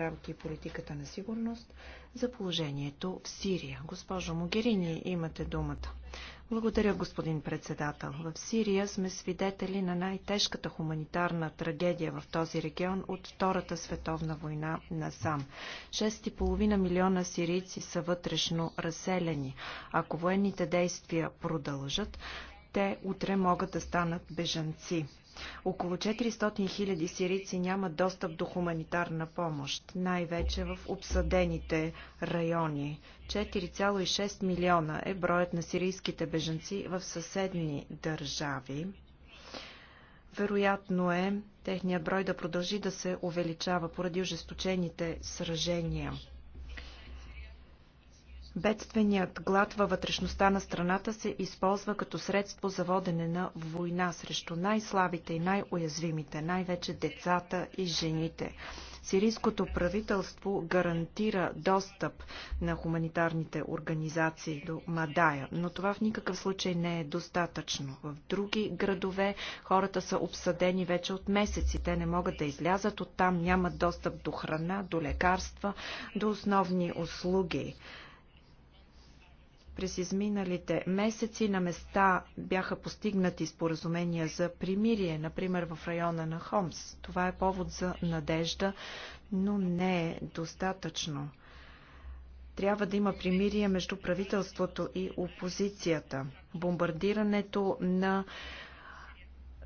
рамки и политиката на сигурност за положението в Сирия. Госпожо Могерини, имате думата. Благодаря, господин председател. В Сирия сме свидетели на най-тежката хуманитарна трагедия в този регион от Втората световна война насам. 6,5 милиона сирийци са вътрешно разселени. Ако военните действия продължат, те утре могат да станат бежанци. Около 400 000 сирийци нямат достъп до хуманитарна помощ, най-вече в обсъдените райони. 4,6 милиона е броят на сирийските бежанци в съседни държави. Вероятно е техният брой да продължи да се увеличава поради ожесточените сражения. Бедственият глад във вътрешността на страната се използва като средство за водене на война срещу най-слабите и най-уязвимите, най-вече децата и жените. Сирийското правителство гарантира достъп на хуманитарните организации до Мадая, но това в никакъв случай не е достатъчно. В други градове хората са обсадени вече от месеци. Те не могат да излязат от там, нямат достъп до храна, до лекарства, до основни услуги. През изминалите месеци на места бяха постигнати споразумения за примирие, например в района на Хомс. Това е повод за надежда, но не е достатъчно. Трябва да има примирие между правителството и опозицията. Бомбардирането на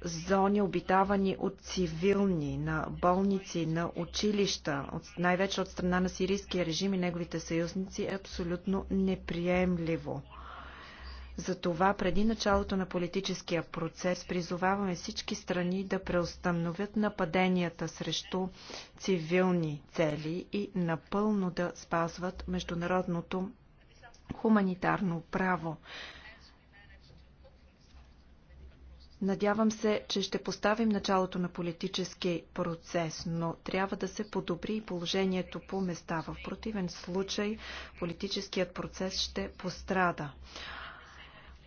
зони, обитавани от цивилни, на болници, на училища, най-вече от страна на сирийския режим и неговите съюзници, е абсолютно неприемливо. Затова преди началото на политическия процес призоваваме всички страни да преустановят нападенията срещу цивилни цели и напълно да спазват международното хуманитарно право. Надявам се, че ще поставим началото на политически процес, но трябва да се подобри положението по места. В противен случай политическият процес ще пострада.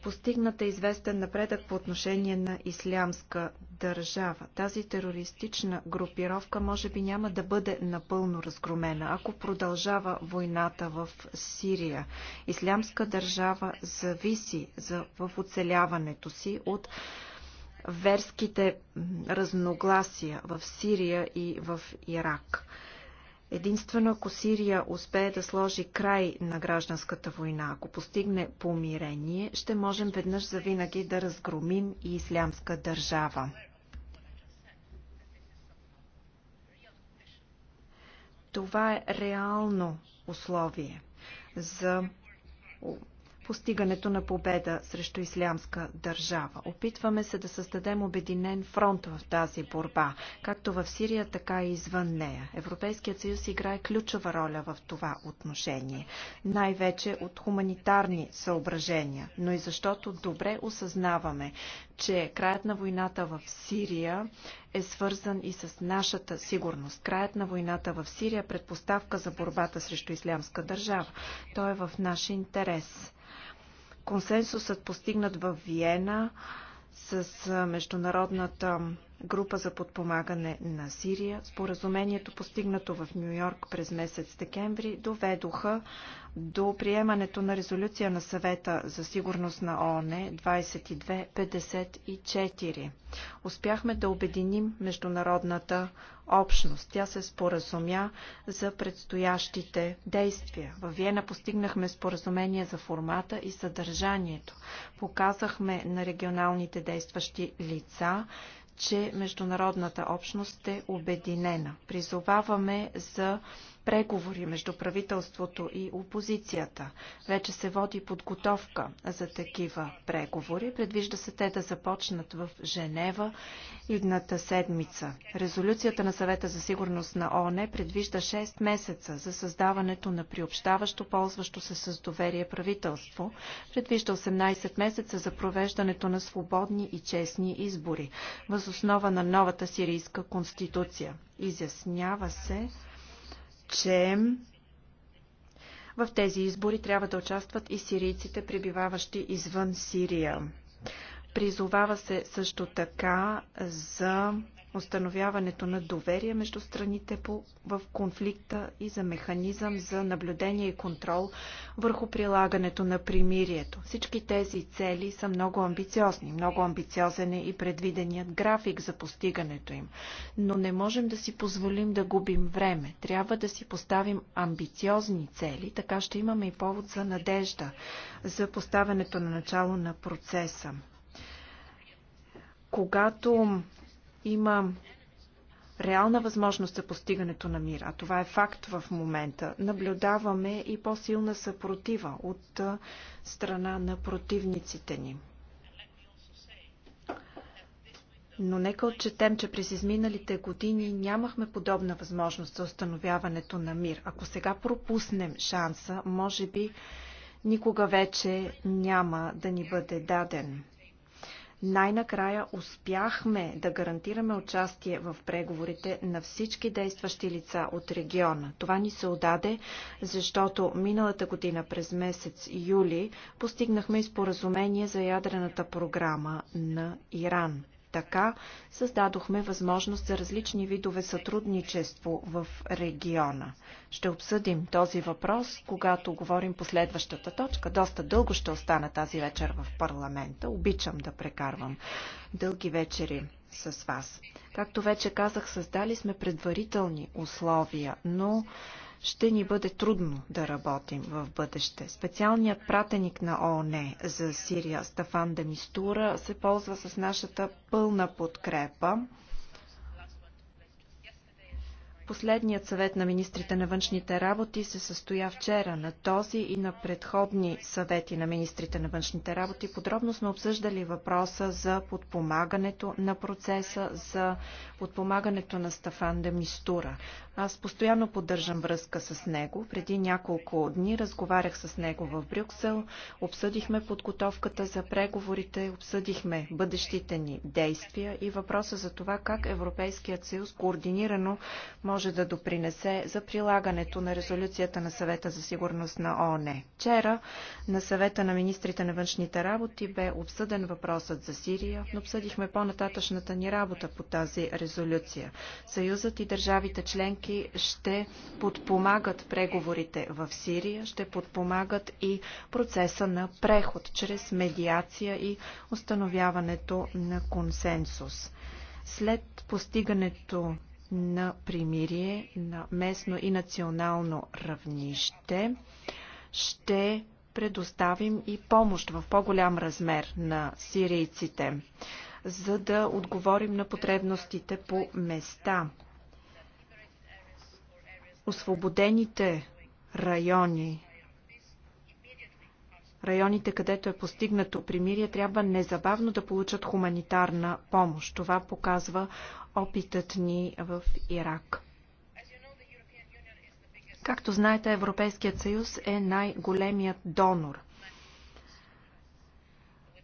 Постигната известен напредък по отношение на ислямска държава. Тази терористична групировка може би няма да бъде напълно разгромена, ако продължава войната в Сирия. Ислямска държава зависи за, в оцеляването си от верските разногласия в Сирия и в Ирак. Единствено ако Сирия успее да сложи край на гражданската война, ако постигне помирение, ще можем веднъж завинаги да разгромим и ислямска държава. Това е реално условие за постигането на победа срещу ислямска държава. Опитваме се да създадем обединен фронт в тази борба, както в Сирия, така и извън нея. Европейският съюз играе ключова роля в това отношение, най-вече от хуманитарни съображения, но и защото добре осъзнаваме, че краят на войната в Сирия е свързан и с нашата сигурност. Краят на войната в Сирия е предпоставка за борбата срещу ислямска държава. Той е в наш интерес. Консенсусът постигнат в Виена с Международната група за подпомагане на Сирия. Споразумението, постигнато в Нью Йорк през месец декември, доведоха до приемането на резолюция на съвета за сигурност на ООН 2254. Успяхме да обединим международната общност. Тя се споразумя за предстоящите действия. В Виена постигнахме споразумение за формата и съдържанието. Показахме на регионалните действащи лица, че международната общност е обединена. Призоваваме за преговори между правителството и опозицията. Вече се води подготовка за такива преговори. Предвижда се те да започнат в Женева идната седмица. Резолюцията на съвета за сигурност на ОНЕ предвижда 6 месеца за създаването на приобщаващо, ползващо се с доверие правителство. Предвижда 18 месеца за провеждането на свободни и честни избори, възоснова на новата сирийска конституция. Изяснява се, че в тези избори трябва да участват и сирийците, пребиваващи извън Сирия. Призовава се също така за установяването на доверие между страните по, в конфликта и за механизъм за наблюдение и контрол върху прилагането на примирието. Всички тези цели са много амбициозни. Много амбициозен е и предвиденият график за постигането им. Но не можем да си позволим да губим време. Трябва да си поставим амбициозни цели, така ще имаме и повод за надежда за поставянето на начало на процеса. Когато има реална възможност за постигането на мир, а това е факт в момента, наблюдаваме и по-силна съпротива от страна на противниците ни. Но нека отчетем, че през изминалите години нямахме подобна възможност за установяването на мир. Ако сега пропуснем шанса, може би никога вече няма да ни бъде даден най-накрая успяхме да гарантираме участие в преговорите на всички действащи лица от региона. Това ни се отдаде, защото миналата година през месец юли постигнахме споразумение за ядрената програма на Иран. Така създадохме възможност за различни видове сътрудничество в региона. Ще обсъдим този въпрос, когато говорим по следващата точка. Доста дълго ще остана тази вечер в парламента. Обичам да прекарвам дълги вечери с вас. Както вече казах, създали сме предварителни условия, но ще ни бъде трудно да работим в бъдеще. Специалният пратеник на ООН за Сирия Стафан Демистура се ползва с нашата пълна подкрепа. Последният съвет на министрите на външните работи се състоя вчера. На този и на предходни съвети на министрите на външните работи подробно сме обсъждали въпроса за подпомагането на процеса, за подпомагането на Стафан де Мистура. Аз постоянно поддържам връзка с него. Преди няколко дни разговарях с него в Брюксел, обсъдихме подготовката за преговорите, обсъдихме бъдещите ни действия и въпроса за това как Европейският съюз координирано може може да допринесе за прилагането на резолюцията на съвета за сигурност на ООН. Вчера на съвета на министрите на външните работи бе обсъден въпросът за Сирия, но обсъдихме по-нататъчната ни работа по тази резолюция. Съюзът и държавите членки ще подпомагат преговорите в Сирия, ще подпомагат и процеса на преход чрез медиация и установяването на консенсус. След постигането на примирие на местно и национално равнище. Ще предоставим и помощ в по-голям размер на сирийците, за да отговорим на потребностите по места. Освободените райони Районите, където е постигнато примирие, трябва незабавно да получат хуманитарна помощ. Това показва опитът ни в Ирак. Както знаете, Европейският съюз е най-големият донор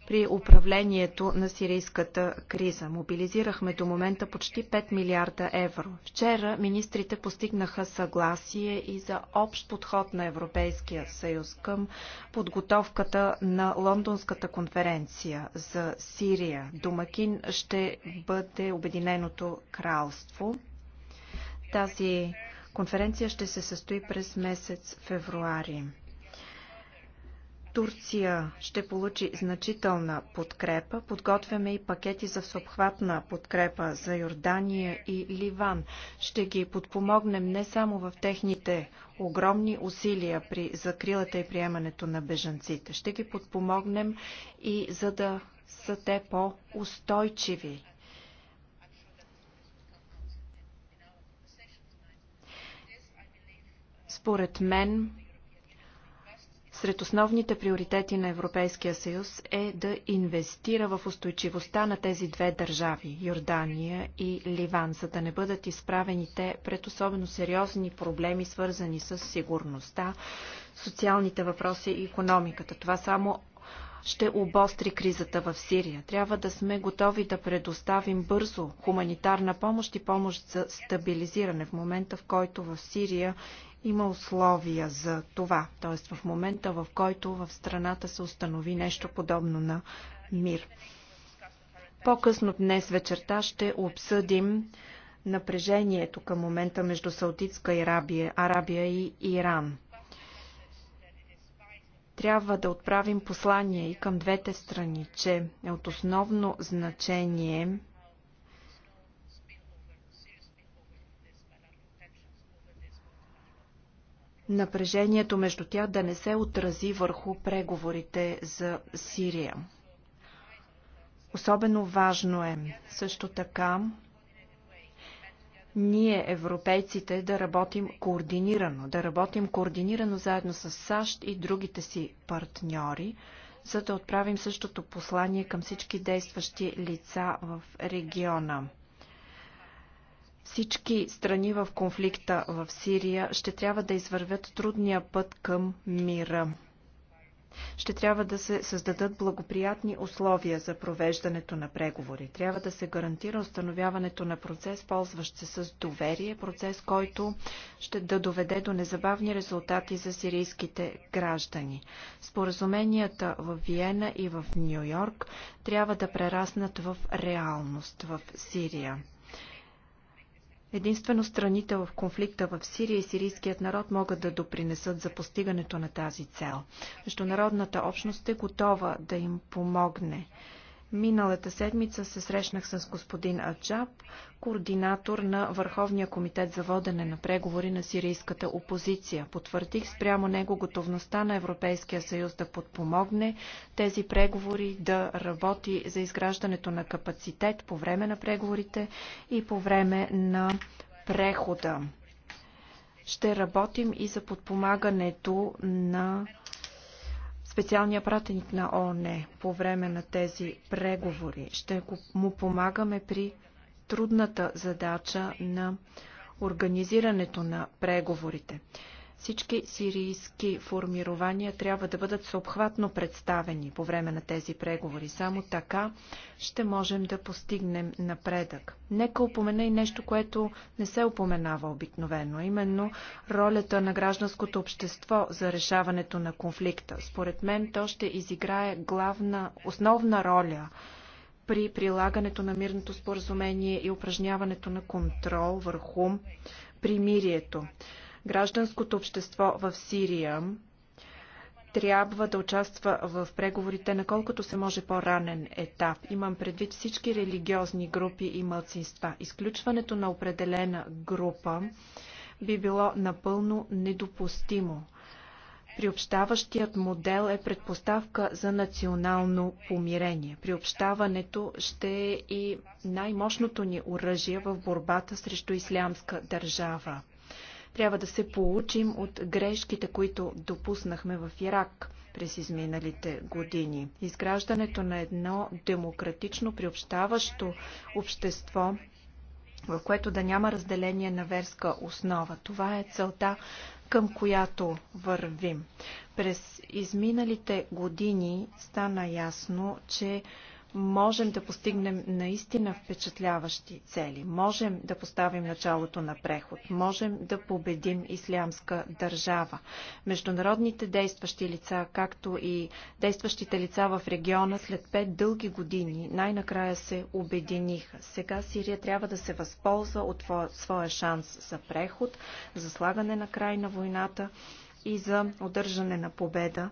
при управлението на сирийската криза. Мобилизирахме до момента почти 5 милиарда евро. Вчера министрите постигнаха съгласие и за общ подход на Европейския съюз към подготовката на Лондонската конференция за Сирия. Домакин ще бъде Обединеното кралство. Тази конференция ще се състои през месец февруари. Турция ще получи значителна подкрепа. Подготвяме и пакети за всеобхватна подкрепа за Йордания и Ливан. Ще ги подпомогнем не само в техните огромни усилия при закрилата и приемането на бежанците. Ще ги подпомогнем и за да са те по-устойчиви Според мен, сред основните приоритети на Европейския съюз е да инвестира в устойчивостта на тези две държави – Йордания и Ливан, за да не бъдат изправени те пред особено сериозни проблеми, свързани с сигурността, социалните въпроси и економиката. Това само ще обостри кризата в Сирия. Трябва да сме готови да предоставим бързо хуманитарна помощ и помощ за стабилизиране в момента, в който в Сирия има условия за това, т.е. в момента, в който в страната се установи нещо подобно на мир. По-късно днес вечерта ще обсъдим напрежението към момента между Саудитска Арабия, Арабия и Иран трябва да отправим послание и към двете страни, че е от основно значение напрежението между тях да не се отрази върху преговорите за Сирия. Особено важно е също така ние, европейците, да работим координирано, да работим координирано заедно с САЩ и другите си партньори, за да отправим същото послание към всички действащи лица в региона. Всички страни в конфликта в Сирия ще трябва да извървят трудния път към мира ще трябва да се създадат благоприятни условия за провеждането на преговори. Трябва да се гарантира установяването на процес, ползващ се с доверие, процес, който ще да доведе до незабавни резултати за сирийските граждани. Споразуменията в Виена и в Нью Йорк трябва да прераснат в реалност в Сирия. Единствено страните в конфликта в Сирия и сирийският народ могат да допринесат за постигането на тази цел. Международната общност е готова да им помогне. Миналата седмица се срещнах с господин Аджаб, координатор на Върховния комитет за водене на преговори на сирийската опозиция. Потвърдих спрямо него готовността на Европейския съюз да подпомогне тези преговори, да работи за изграждането на капацитет по време на преговорите и по време на прехода. Ще работим и за подпомагането на специалния пратеник на ООН по време на тези преговори. Ще му помагаме при трудната задача на организирането на преговорите. Всички сирийски формирования трябва да бъдат съобхватно представени по време на тези преговори. Само така ще можем да постигнем напредък. Нека упомена и нещо, което не се упоменава обикновено, именно ролята на гражданското общество за решаването на конфликта. Според мен то ще изиграе главна, основна роля при прилагането на мирното споразумение и упражняването на контрол върху примирието. Гражданското общество в Сирия трябва да участва в преговорите на колкото се може по-ранен етап. Имам предвид всички религиозни групи и мълцинства. Изключването на определена група би било напълно недопустимо. Приобщаващият модел е предпоставка за национално помирение. Приобщаването ще е и най-мощното ни оръжие в борбата срещу ислямска държава. Трябва да се получим от грешките, които допуснахме в Ирак през изминалите години. Изграждането на едно демократично приобщаващо общество в което да няма разделение на верска основа. Това е целта, към която вървим. През изминалите години стана ясно, че можем да постигнем наистина впечатляващи цели, можем да поставим началото на преход, можем да победим ислямска държава. Международните действащи лица, както и действащите лица в региона след пет дълги години, най-накрая се обединиха. Сега Сирия трябва да се възползва от своя шанс за преход, за слагане на край на войната и за удържане на победа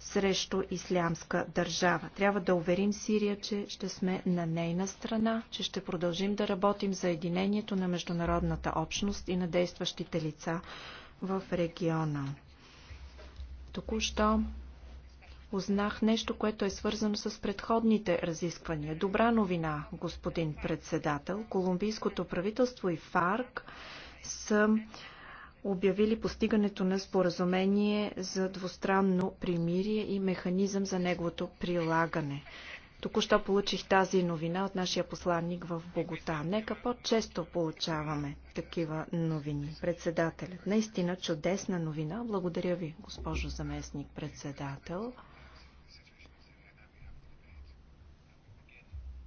срещу ислямска държава. Трябва да уверим Сирия, че ще сме на нейна страна, че ще продължим да работим за единението на международната общност и на действащите лица в региона. Току-що узнах нещо, което е свързано с предходните разисквания. Добра новина, господин председател. Колумбийското правителство и ФАРК са обявили постигането на споразумение за двустранно примирие и механизъм за неговото прилагане. Току-що получих тази новина от нашия посланник в Богота. Нека по-често получаваме такива новини. Председателят. Наистина чудесна новина. Благодаря ви, госпожо заместник председател.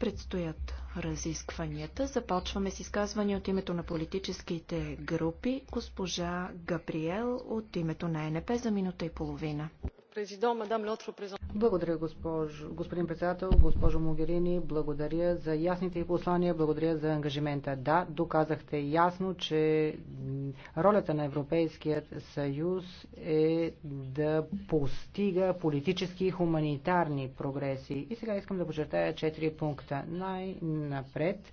Предстоят разискванията. Започваме с изказване от името на политическите групи. Госпожа Габриел от името на НП за минута и половина. Благодаря, господин председател, госпожо Могерини. Благодаря за ясните послания, благодаря за ангажимента. Да, доказахте ясно, че ролята на Европейският съюз е да постига политически и хуманитарни прогреси. И сега искам да подчертая четири пункта. Най-напред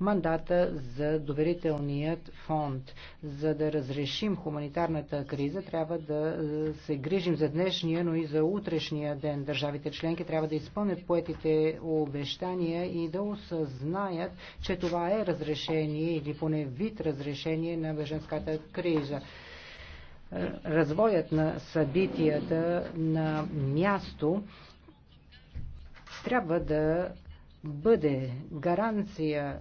мандата за доверителният фонд. За да разрешим хуманитарната криза, трябва да е, се грижим за днешния, но и за утрешния ден. Държавите членки трябва да изпълнят поетите обещания и да осъзнаят, че това е разрешение или поне вид разрешение на беженската криза развоят на събитията на място трябва да бъде гаранция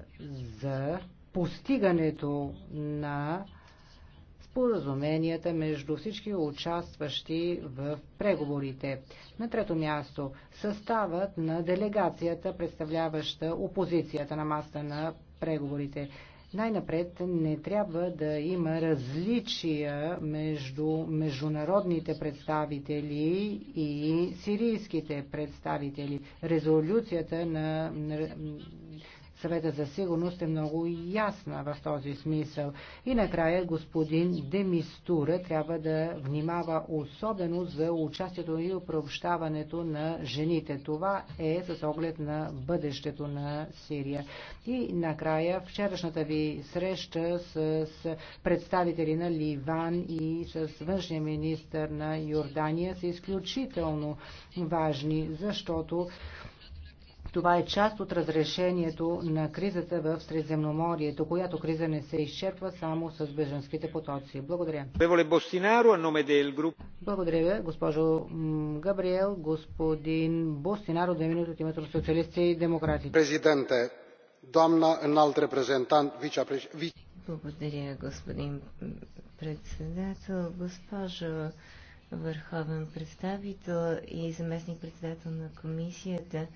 за постигането на споразуменията между всички участващи в преговорите. На трето място съставът на делегацията, представляваща опозицията на маста на преговорите. Най-напред не трябва да има различия между международните представители и сирийските представители. Резолюцията на съвета за сигурност е много ясна в този смисъл. И накрая господин Демистура трябва да внимава особено за участието и упрощаването на жените. Това е с оглед на бъдещето на Сирия. И накрая вчерашната ви среща с представители на Ливан и с външния министр на Йордания са изключително важни, защото това е част от разрешението на кризата в Средиземноморието, която криза не се изчерпва само с беженските потоци. Благодаря. Благодаря, госпожо Габриел, господин Бостинаро, две минути от името на социалисти и демократи. Президенте, Doamna înalt reprezentant, vicepreședinte. Благодаря, господин председател, госпожо върховен представител и заместник председател на комисията.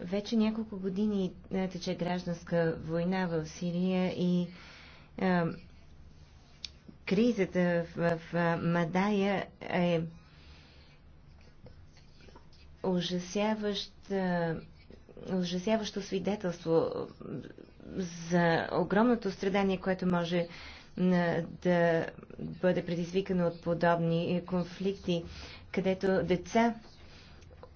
Вече няколко години е, тече гражданска война в Сирия и а, е, кризата в, в Мадая е ужасяващ, е, ужасяващо свидетелство за огромното страдание, което може да бъде предизвикано от подобни конфликти, където деца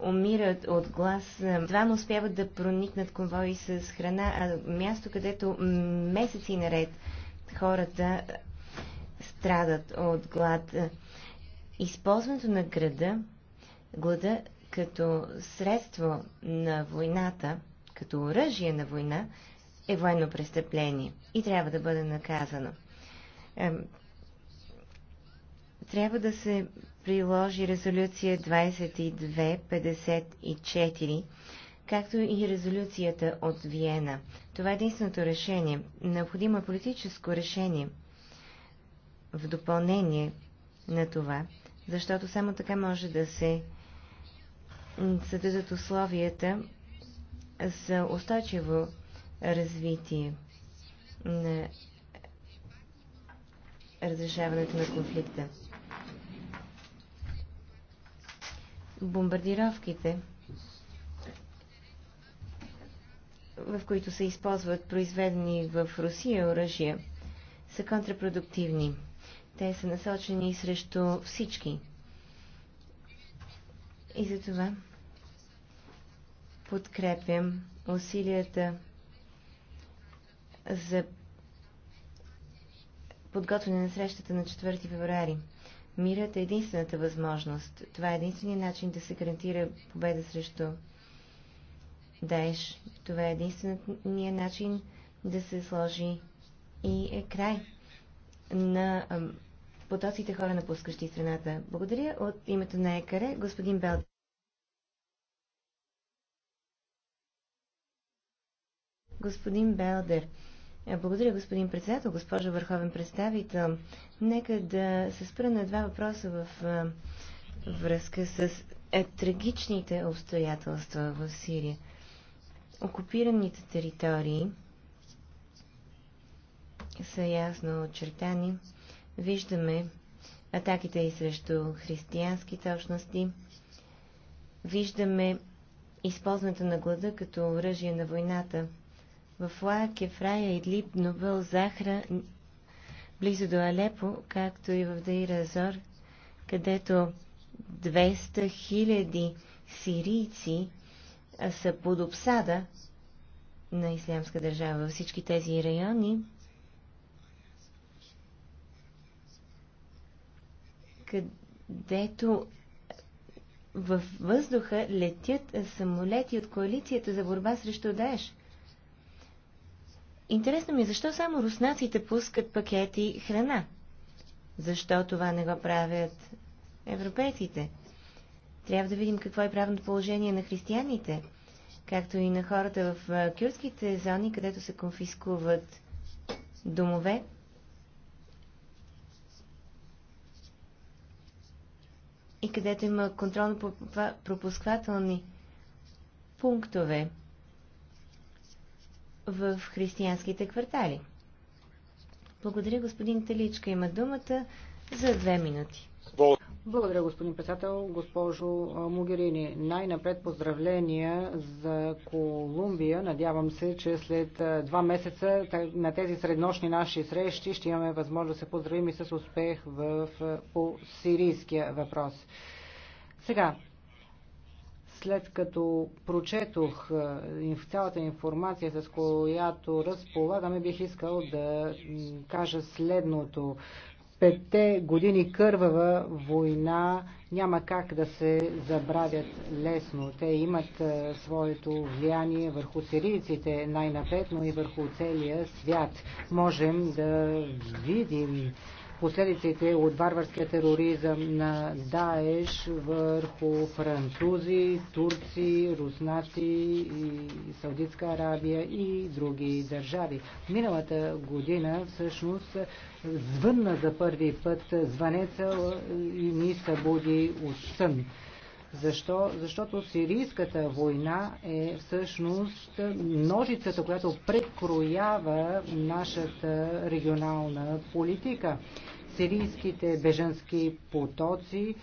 умират от глас. Е, Двама успяват да проникнат конвои с храна, а място, където месеци наред хората страдат от глад. Използването на града, глада като средство на войната, като оръжие на война, е военно престъпление и трябва да бъде наказано. Е, трябва да се приложи резолюция 2254, както и резолюцията от Виена. Това е единственото решение. Необходимо е политическо решение в допълнение на това, защото само така може да се създадат условията за устойчиво развитие на разрешаването на конфликта. бомбардировките, в които се използват произведени в Русия оръжия, са контрапродуктивни. Те са насочени срещу всички. И за това подкрепям усилията за подготвяне на срещата на 4 феврари. Мирът е единствената възможност. Това е единственият начин да се гарантира победа срещу Даеш. Това е единственият начин да се сложи и е край на потоците хора напускащи страната. Благодаря от името на ЕКАРЕ, господин Бел. Господин Белдер, е, благодаря, господин председател, госпожо върховен представител. Нека да се спра на два въпроса в връзка с е, трагичните обстоятелства в Сирия. Окупираните територии са ясно очертани. Виждаме атаките и срещу християнските общности. Виждаме използването на глада като оръжие на войната – в Лая, Кефрая, Идлиб, Нобъл, Захра, близо до Алепо, както и в Даира Азор, където 200 хиляди сирийци са под обсада на Ислямска държава. Във всички тези райони където във въздуха летят самолети от коалицията за борба срещу Даеш. Интересно ми, е, защо само руснаците пускат пакети храна? Защо това не го правят европейците? Трябва да видим какво е правното положение на християните, както и на хората в кюртските зони, където се конфискуват домове. И където има контролно-пропусквателни пунктове в християнските квартали. Благодаря, господин Теличка. Има думата за две минути. Благодаря, господин председател. Госпожо Могерини, най-напред поздравления за Колумбия. Надявам се, че след два месеца на тези среднощни наши срещи ще имаме възможност да се поздравим и с успех в, по сирийския въпрос. Сега, след като прочетох е, цялата информация, с която разполагаме, бих искал да кажа следното. Петте години кървава война няма как да се забравят лесно. Те имат е, своето влияние върху сирийците най-напред, но и върху целия свят. Можем да видим последиците от варварския тероризъм на Даеш върху французи, турци, руснаци и Саудитска Арабия и други държави. Миналата година всъщност звънна за първи път звънеца и ни събуди от сън. Защо? Защото сирийската война е всъщност ножицата, която прекроява нашата регионална политика сирийските беженски потоци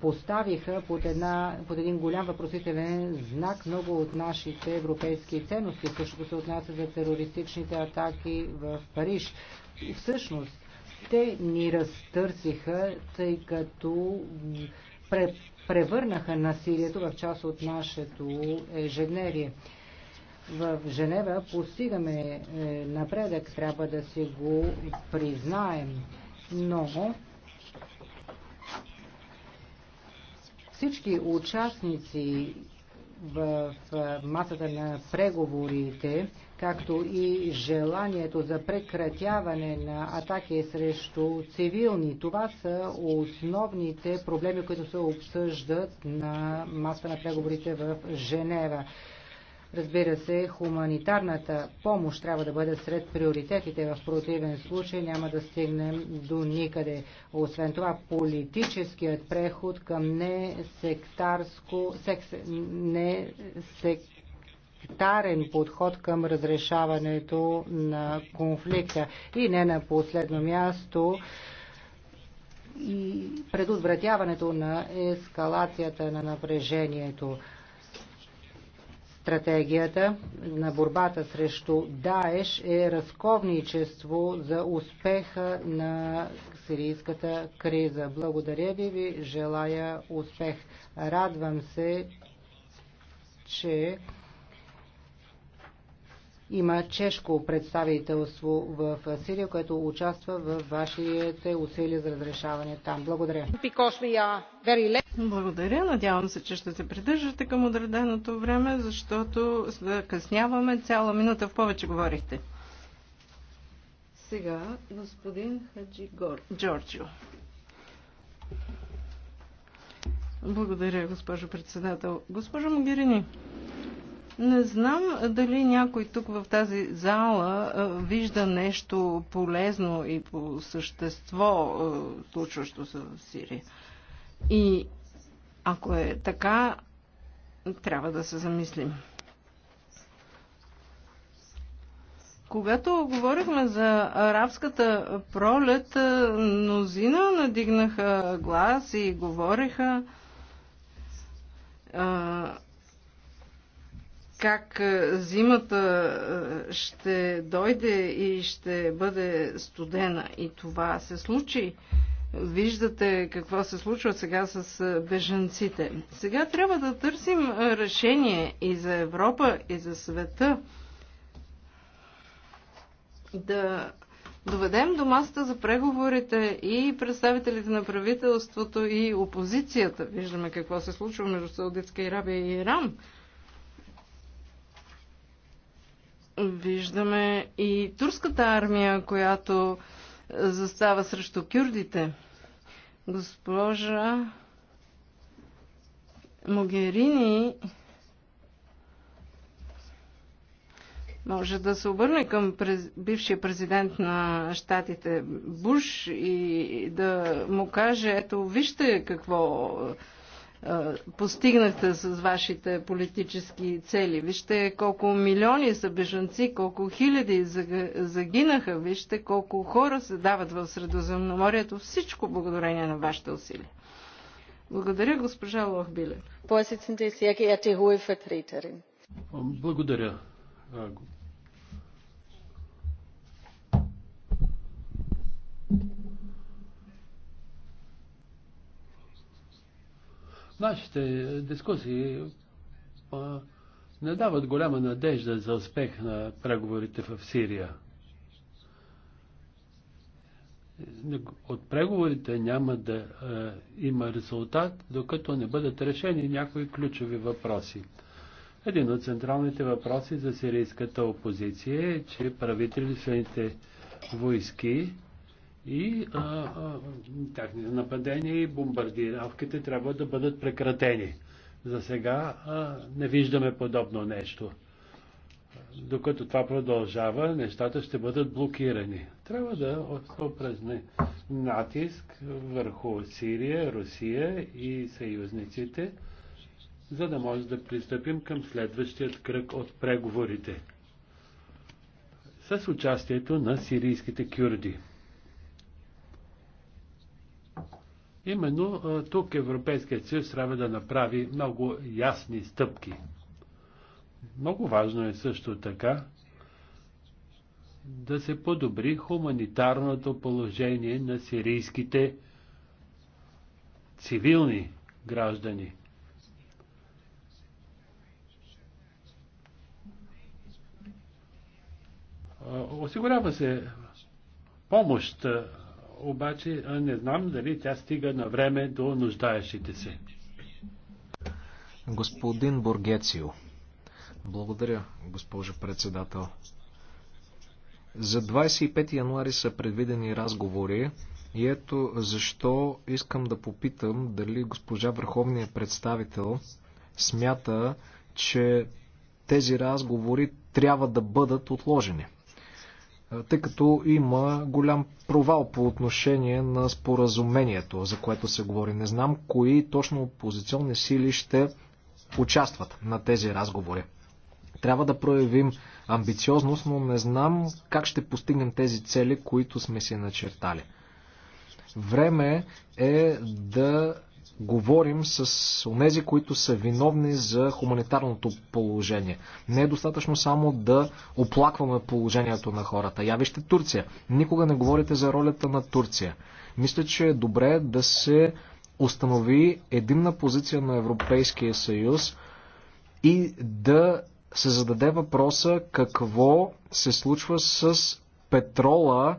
поставиха под, една, под един голям въпросителен знак много от нашите европейски ценности. Същото се отнася за терористичните атаки в Париж. всъщност те ни разтърсиха, тъй като превърнаха насилието в част от нашето ежедневие. В Женева постигаме е, напредък, трябва да си го признаем, но всички участници в е, масата на преговорите както и желанието за прекратяване на атаки срещу цивилни. Това са основните проблеми, които се обсъждат на маста на преговорите в Женева. Разбира се, хуманитарната помощ трябва да бъде сред приоритетите. В противен случай няма да стигнем до никъде. Освен това, политическият преход към не сектарско, секс, не сек, хуманитарен подход към разрешаването на конфликта. И не на последно място и предотвратяването на ескалацията на напрежението. Стратегията на борбата срещу Даеш е разковничество за успеха на сирийската криза. Благодаря ви, ви желая успех. Радвам се, че има чешко представителство в Сирия, което участва в вашите усилия за разрешаване там. Благодаря. Благодаря. Надявам се, че ще се придържате към отреденото време, защото закъсняваме. Цяла минута в повече говорихте. Сега господин Хаджи Гор... Джорджио. Благодаря, госпожо председател. Госпожо Могерини, не знам дали някой тук в тази зала вижда нещо полезно и по същество случващо се в Сирия. И ако е така, трябва да се замислим. Когато говорихме за арабската пролет, мнозина надигнаха глас и говориха как е, зимата е, ще дойде и ще бъде студена. И това се случи. Виждате какво се случва сега с е, бежанците. Сега трябва да търсим решение и за Европа, и за света. Да доведем до масата за преговорите и представителите на правителството и опозицията. Виждаме какво се случва между Саудитска Арабия и Иран. Виждаме и турската армия, която застава срещу кюрдите. Госпожа Могерини може да се обърне към през, бившия президент на щатите Буш и да му каже, ето вижте какво постигнахте с вашите политически цели. Вижте колко милиони са бежанци, колко хиляди загинаха, вижте колко хора се дават в Средоземноморието. Всичко благодарение на вашите усилия. Благодаря, госпожа Лохбиле. Благодаря, Нашите дискусии а, не дават голяма надежда за успех на преговорите в Сирия. От преговорите няма да а, има резултат, докато не бъдат решени някои ключови въпроси. Един от централните въпроси за сирийската опозиция е, че правителствените войски и а, а, тяхните нападения и бомбардировките трябва да бъдат прекратени. За сега а, не виждаме подобно нещо. Докато това продължава, нещата ще бъдат блокирани. Трябва да се опразне натиск върху Сирия, Русия и съюзниците, за да може да пристъпим към следващият кръг от преговорите с участието на сирийските кюрди. Именно тук Европейският съюз трябва да направи много ясни стъпки. Много важно е също така да се подобри хуманитарното положение на сирийските цивилни граждани. Осигурява се помощ обаче не знам дали тя стига на време до нуждаещите се. Господин Бургецио, благодаря, госпожо председател. За 25 януари са предвидени разговори и ето защо искам да попитам дали госпожа Върховния представител смята, че тези разговори трябва да бъдат отложени тъй като има голям провал по отношение на споразумението, за което се говори. Не знам кои точно опозиционни сили ще участват на тези разговори. Трябва да проявим амбициозност, но не знам как ще постигнем тези цели, които сме си начертали. Време е да говорим с онези, които са виновни за хуманитарното положение. Не е достатъчно само да оплакваме положението на хората. Я вижте Турция. Никога не говорите за ролята на Турция. Мисля, че е добре да се установи единна позиция на Европейския съюз и да се зададе въпроса какво се случва с петрола,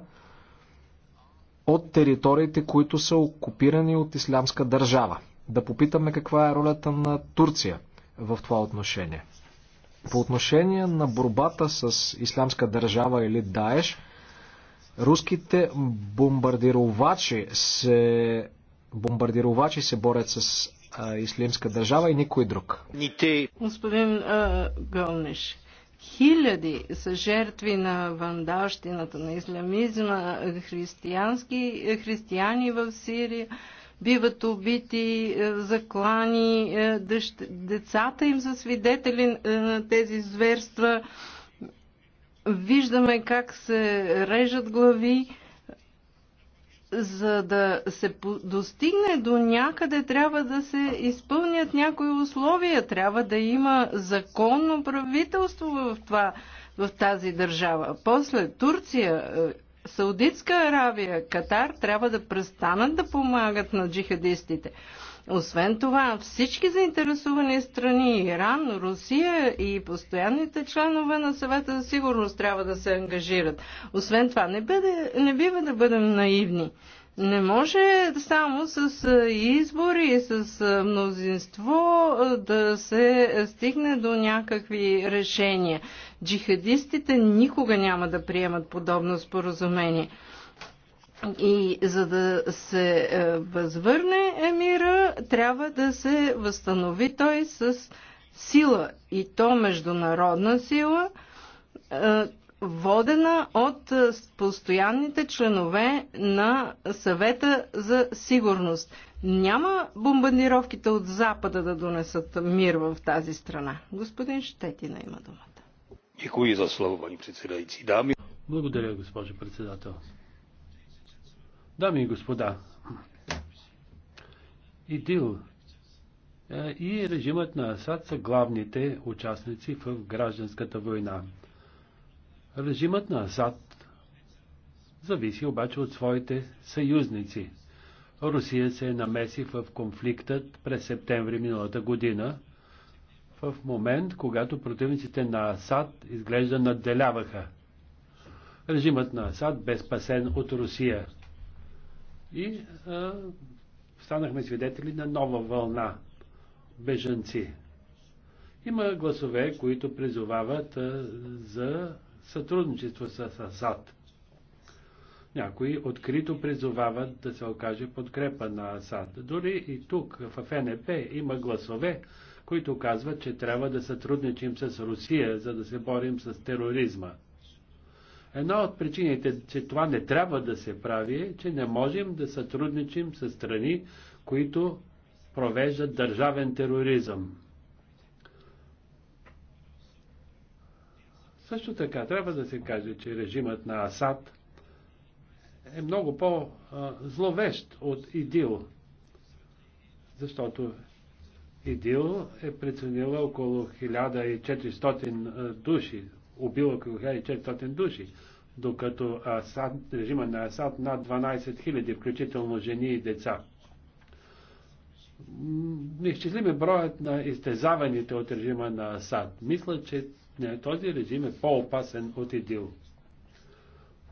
от териториите, които са окупирани от ислямска държава. Да попитаме каква е ролята на Турция в това отношение. По отношение на борбата с ислямска държава или Даеш, руските бомбардировачи се, бомбардировачи се борят с ислямска държава и никой друг. Господин а, Хиляди са жертви на вандалщината, на ислямизма, християнски, християни в Сирия, биват убити, е, заклани, е, децата им са свидетели е, на тези зверства. Виждаме как се режат глави за да се достигне до някъде, трябва да се изпълнят някои условия. Трябва да има законно правителство в, това, в тази държава. После Турция, е, Саудитска Аравия, Катар трябва да престанат да помагат на джихадистите. Освен това, всички заинтересовани страни, Иран, Русия и постоянните членове на съвета за сигурност трябва да се ангажират. Освен това, не, бъде, не бива да бъдем наивни. Не може само с избори и с мнозинство да се стигне до някакви решения. Джихадистите никога няма да приемат подобно споразумение. И за да се е, възвърне емира, трябва да се възстанови той с сила и то международна сила, е, водена от е, постоянните членове на съвета за сигурност. Няма бомбардировките от Запада да донесат мир в тази страна. Господин Щетина има думата. Благодаря, госпожо председател. Дами и господа, ИДИЛ е, и режимът на Асад са главните участници в гражданската война. Режимът на Асад зависи обаче от своите съюзници. Русия се намеси в конфликтът през септември миналата година, в момент, когато противниците на Асад изглежда надделяваха. Режимът на Асад бе спасен от Русия. И а, станахме свидетели на нова вълна бежанци. Има гласове, които призовават а, за сътрудничество с Асад. Някои открито призовават да се окаже подкрепа на Асад. Дори и тук, в ФНП има гласове, които казват, че трябва да сътрудничим с Русия, за да се борим с тероризма. Една от причините, че това не трябва да се прави, е, че не можем да сътрудничим с страни, които провеждат държавен тероризъм. Също така трябва да се каже, че режимът на Асад е много по-зловещ от ИДИЛ, защото ИДИЛ е преценила около 1400 души убил около 1400 души, докато Асад, режима на Асад над 12 000, включително жени и деца. Неизчислим е броят на изтезаваните от режима на Асад. Мисля, че е, този режим е по-опасен от ИДИЛ.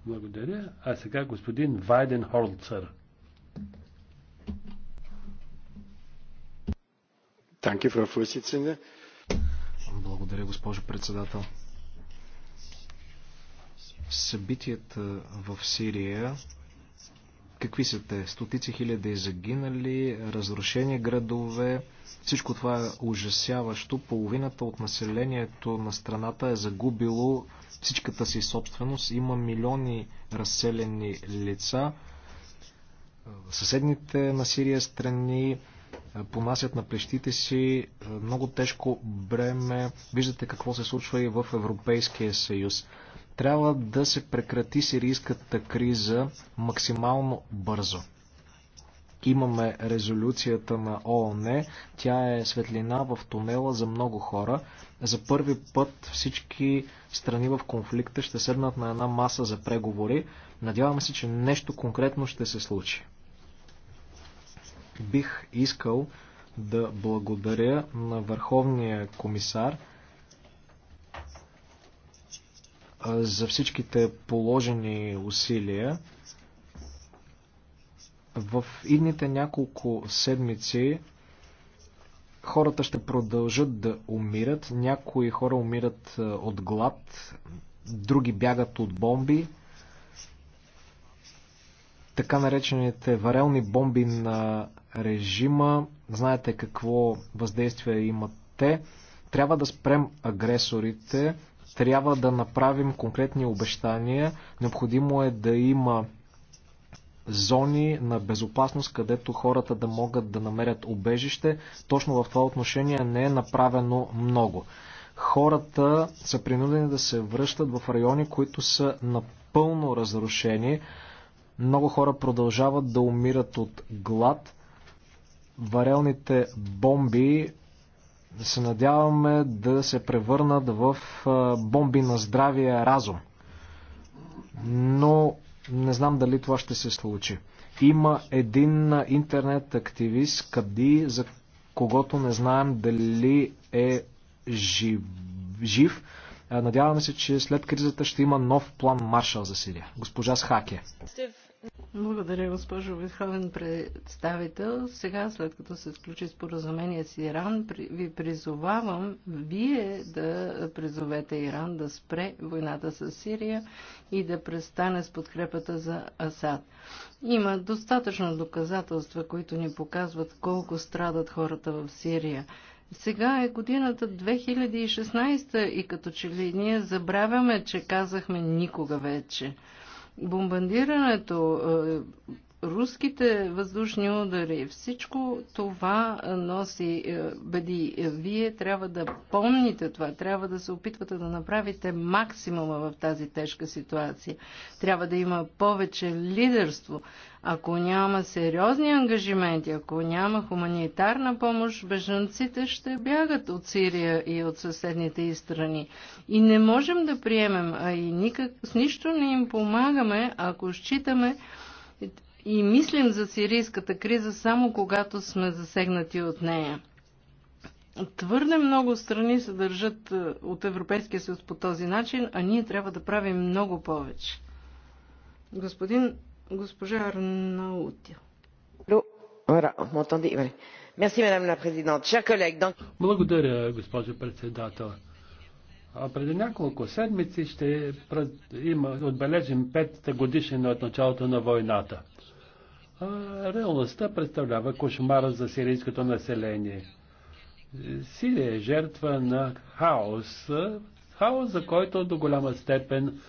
Благодаря. А сега господин Вайден Холцер. Благодаря, госпожо председател събитията в Сирия, какви са те? Стотици хиляди загинали, разрушени градове, всичко това е ужасяващо. Половината от населението на страната е загубило всичката си собственост. Има милиони разселени лица. Съседните на Сирия страни е, понасят на плещите си е, много тежко бреме. Виждате какво се случва и в Европейския съюз. Трябва да се прекрати сирийската криза максимално бързо. Имаме резолюцията на ООН. Тя е светлина в тунела за много хора. За първи път всички страни в конфликта ще седнат на една маса за преговори. Надяваме се, че нещо конкретно ще се случи. Бих искал да благодаря на Върховния комисар – за всичките положени усилия. В идните няколко седмици хората ще продължат да умират. Някои хора умират от глад, други бягат от бомби. Така наречените варелни бомби на режима. Знаете какво въздействие имат те. Трябва да спрем агресорите, трябва да направим конкретни обещания. Необходимо е да има зони на безопасност, където хората да могат да намерят обежище. Точно в това отношение не е направено много. Хората са принудени да се връщат в райони, които са напълно разрушени. Много хора продължават да умират от глад. Варелните бомби се надяваме да се превърнат в бомби на здравия разум. Но не знам дали това ще се случи. Има един интернет активист, Кади, за когото не знаем дали е жив. жив. Надяваме се, че след кризата ще има нов план Маршал за Сирия. Госпожа Схаке. Благодаря, госпожо Висховен представител. Сега, след като се включи споразумение с Иран, ви призовавам вие да призовете Иран да спре войната с Сирия и да престане с подкрепата за Асад. Има достатъчно доказателства, които ни показват колко страдат хората в Сирия. Сега е годината 2016 и като че ли ние забравяме, че казахме никога вече бомбандирането, е, руските въздушни удари, всичко това носи е, беди. Вие трябва да помните това, трябва да се опитвате да направите максимума в тази тежка ситуация. Трябва да има повече лидерство. Ако няма сериозни ангажименти, ако няма хуманитарна помощ, бежанците ще бягат от Сирия и от съседните и страни. И не можем да приемем, а и никак, с нищо не им помагаме, ако считаме, и мислим за сирийската криза само когато сме засегнати от нея. Твърде много страни се държат е, от Европейския съюз по този начин, а ние трябва да правим много повече. Господин, госпожа Арнаутил. Благодаря, госпожо председател. А преди няколко седмици ще има, отбележим петата годишнина от началото на войната реалността представлява кошмара за сирийското население. Сирия е жертва на хаос, хаос, за който до голяма степен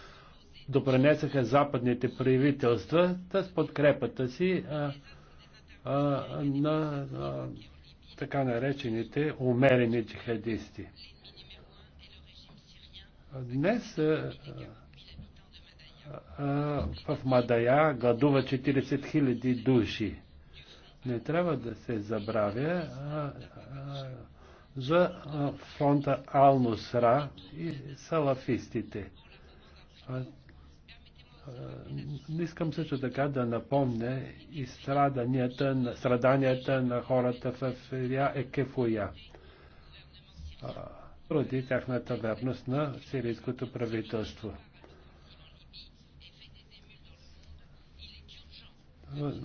допренесаха западните правителства с подкрепата си а, а, на а, така наречените умерени джихадисти. Днес а, в Мадая гладува 40 000 души. Не трябва да се забравя за фронта ал и салафистите. Не искам също така да напомня и страданията, страданията на хората в и Екефуя Роди тяхната верност на сирийското правителство.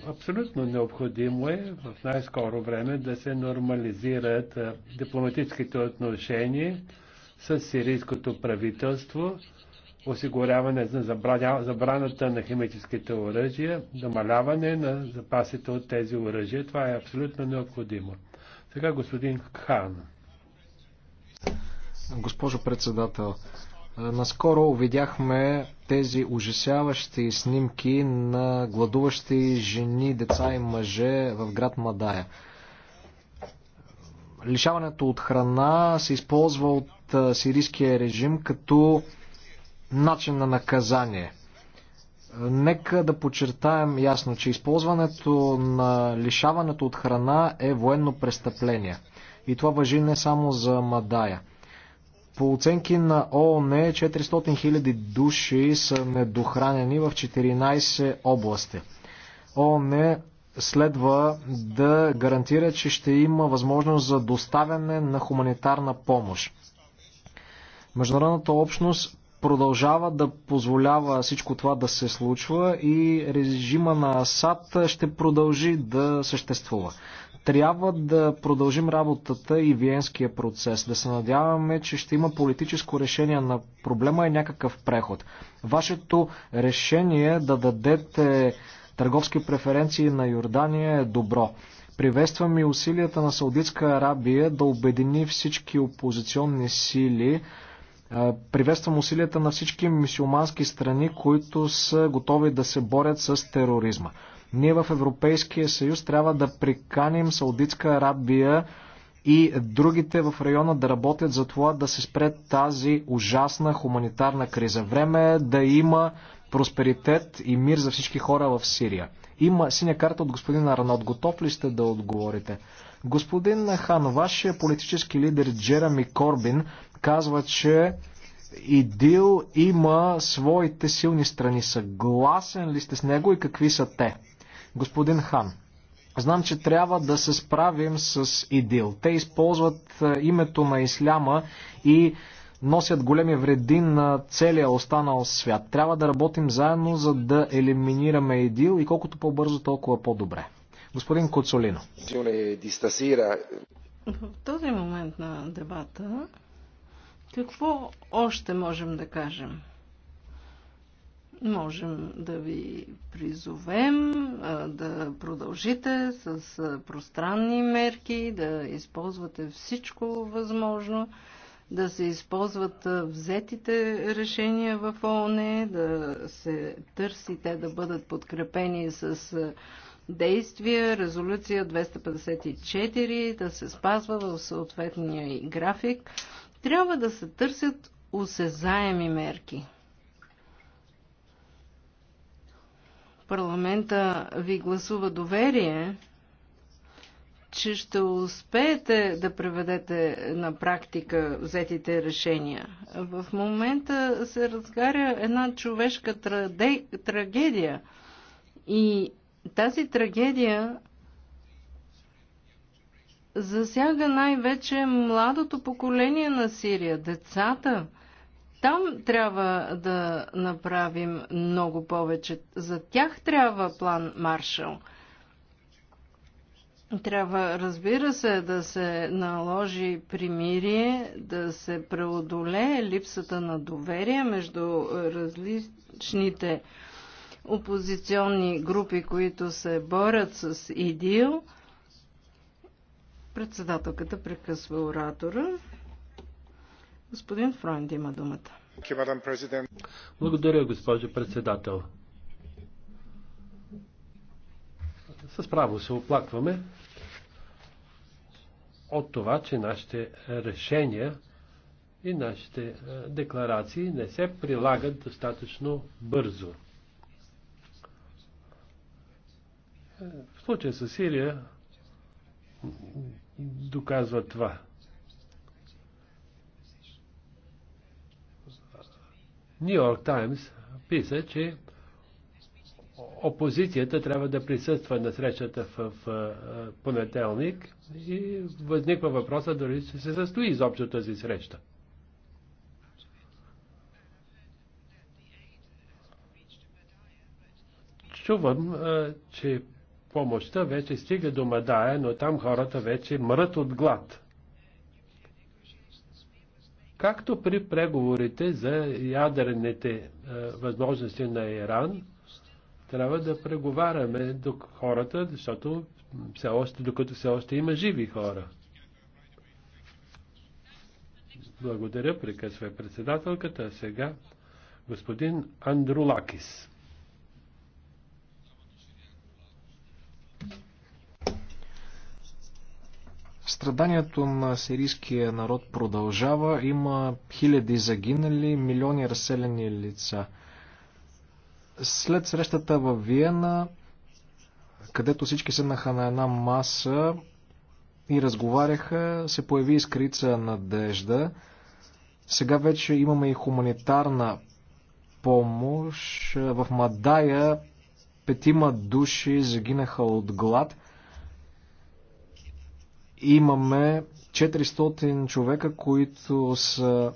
Абсолютно необходимо е в най-скоро време да се нормализират дипломатическите отношения с сирийското правителство, осигуряване на забраната на химическите оръжия, намаляване на запасите от тези оръжия. Това е абсолютно необходимо. Сега господин Хан. Госпожо председател, е, наскоро видяхме тези ужасяващи снимки на гладуващи жени, деца и мъже в град Мадая. Лишаването от храна се използва от е, сирийския режим като начин на наказание. Е, нека да подчертаем ясно, че използването на лишаването от храна е военно престъпление. И това въжи не само за Мадая. По оценки на ООН 400 000 души са недохранени в 14 области. ООН следва да гарантира, че ще има възможност за доставяне на хуманитарна помощ. Международната общност продължава да позволява всичко това да се случва и режима на Асад ще продължи да съществува. Трябва да продължим работата и виенския процес. Да се надяваме, че ще има политическо решение на проблема и някакъв преход. Вашето решение да дадете търговски преференции на Йордания е добро. Приветствам и усилията на Саудитска Арабия да обедини всички опозиционни сили. Е, приветствам усилията на всички мусулмански страни, които са готови да се борят с тероризма. Ние в Европейския съюз трябва да приканим Саудитска Арабия и другите в района да работят за това да се спре тази ужасна хуманитарна криза. Време е да има просперитет и мир за всички хора в Сирия. Има синя карта от господин Арнот. Готов ли сте да отговорите? Господин Хан, вашия политически лидер Джерами Корбин казва, че ИДИЛ има своите силни страни. Съгласен ли сте с него и какви са те? Господин Хан, знам, че трябва да се справим с ИДИЛ. Те използват е, името на исляма и носят големи вреди на целия останал свят. Трябва да работим заедно, за да елиминираме ИДИЛ и колкото по-бързо, толкова по-добре. Господин Коцолино. В този момент на дебата, какво още можем да кажем? можем да ви призовем да продължите с пространни мерки, да използвате всичко възможно, да се използват взетите решения в ООН, да се търси те да бъдат подкрепени с действия, резолюция 254, да се спазва в съответния график. Трябва да се търсят осезаеми мерки. парламента ви гласува доверие, че ще успеете да преведете на практика взетите решения. В момента се разгаря една човешка трагедия и тази трагедия засяга най-вече младото поколение на Сирия, децата – там трябва да направим много повече. За тях трябва план Маршал. Трябва, разбира се, да се наложи примирие, да се преодолее липсата на доверие между различните опозиционни групи, които се борят с ИДИЛ. Председателката прекъсва оратора. Господин Фройнд има думата. Благодаря, госпожо председател. С право се оплакваме от това, че нашите решения и нашите е, декларации не се прилагат достатъчно бързо. Е, в случая с Сирия доказва това. Нью Йорк Таймс писа, че опозицията трябва да присъства на срещата в, в понеделник и възниква въпроса дали ще се състои изобщо тази среща. Чувам, че помощта вече стига до Мадая, но там хората вече мрът от глад както при преговорите за ядрените е, възможности на Иран, трябва да преговаряме до хората, защото все още, докато все още има живи хора. Благодаря, прекъсва председателката. А сега господин Андрулакис. Страданието на сирийския народ продължава. Има хиляди загинали, милиони разселени лица. След срещата в Виена, където всички седнаха на една маса и разговаряха, се появи искрица надежда. Сега вече имаме и хуманитарна помощ. В Мадая петима души загинаха от глад – имаме 400 човека, които са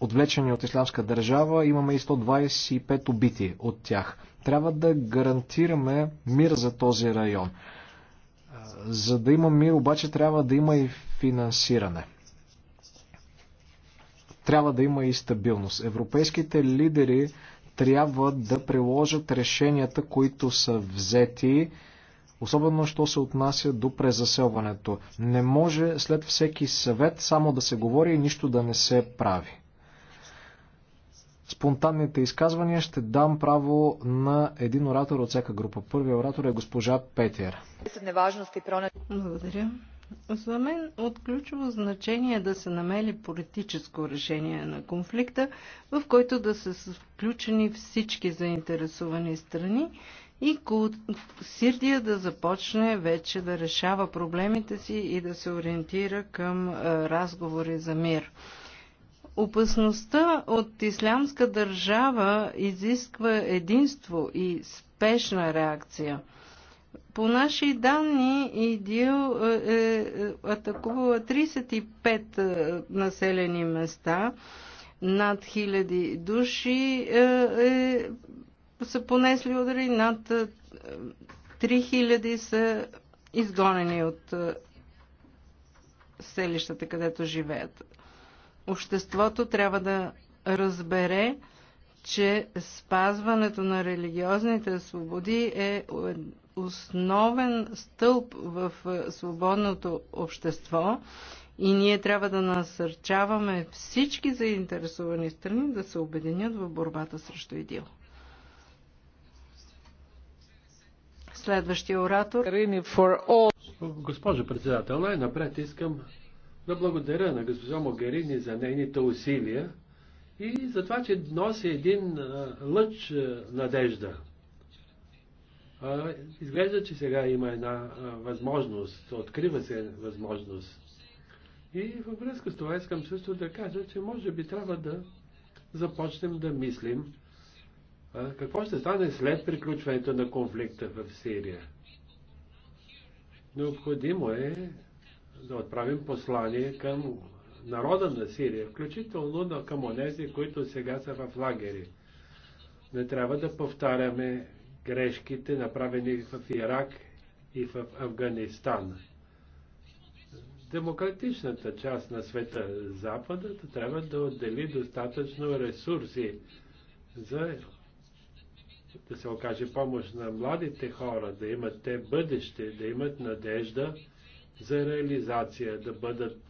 отвлечени от Исламска държава, имаме и 125 убити от тях. Трябва да гарантираме мир за този район. За да има мир, обаче трябва да има и финансиране. Трябва да има и стабилност. Европейските лидери трябва да приложат решенията, които са взети особено що се отнася до презаселването. Не може след всеки съвет само да се говори и нищо да не се прави. Спонтанните изказвания ще дам право на един оратор от всяка група. Първият оратор е госпожа Петер. Благодаря. За мен от ключово значение е да се намери политическо решение на конфликта, в който да са включени всички заинтересовани страни и Сирия да започне вече да решава проблемите си и да се ориентира към е, разговори за мир. Опасността от ислямска държава изисква единство и спешна реакция. По наши данни ИДИЛ е, е атакувала 35 е, населени места, над хиляди души е са понесли удари, над 3000 е, са изгонени от е, селищата, където живеят. Обществото трябва да разбере, че спазването на религиозните свободи е основен стълб в е, свободното общество и ние трябва да насърчаваме всички заинтересовани страни да се обединят в борбата срещу идил. Следващия оратор. Госпожо председател, най-напред искам да благодаря на госпожа Могерини за нейните усилия и за това, че носи един лъч надежда. Изглежда, че сега има една възможност, открива се възможност. И във връзка с това искам също да кажа, че може би трябва да започнем да мислим какво ще стане след приключването на конфликта в Сирия. Необходимо е да отправим послание към народа на Сирия, включително към онези, които сега са в лагери. Не трябва да повтаряме грешките, направени в Ирак и в Афганистан. Демократичната част на света, Западът, трябва да отдели достатъчно ресурси за да се окаже помощ на младите хора, да имат те бъдеще, да имат надежда за реализация, да бъдат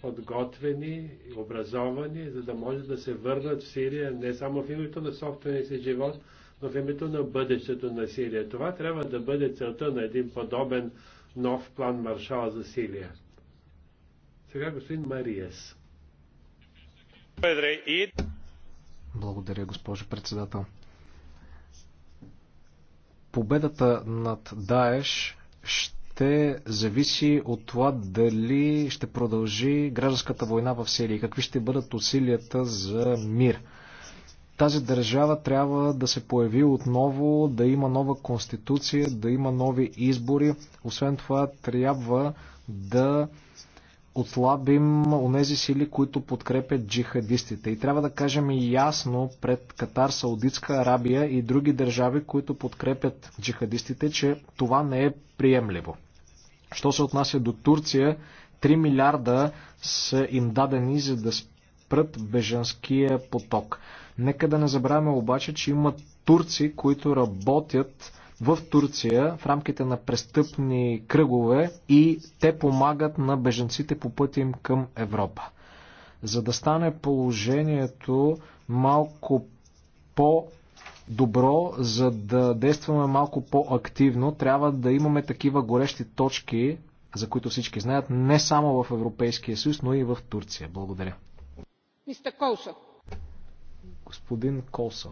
подготвени, образовани, за да може да се върнат в Сирия не само в името на собствения си живот, но в името на бъдещето на Сирия. Това трябва да бъде целта на един подобен нов план Маршал за Сирия. Сега господин Мариес. Благодаря, госпожо председател победата над Даеш ще зависи от това дали ще продължи гражданската война в Сирия и какви ще бъдат усилията за мир. Тази държава трябва да се появи отново, да има нова конституция, да има нови избори. Освен това, трябва да отслабим онези сили, които подкрепят джихадистите. И трябва да кажем ясно пред Катар, Саудитска Арабия и други държави, които подкрепят джихадистите, че това не е приемливо. Що се отнася до Турция, 3 милиарда са им дадени, за да спрат бежанския поток. Нека да не забравяме обаче, че има турци, които работят в Турция в рамките на престъпни кръгове и те помагат на беженците по пътя им към Европа. За да стане положението малко по- добро, за да действаме малко по-активно, трябва да имаме такива горещи точки, за които всички знаят, не само в Европейския съюз, но и в Турция. Благодаря. Мистер Колсо. Господин Колса.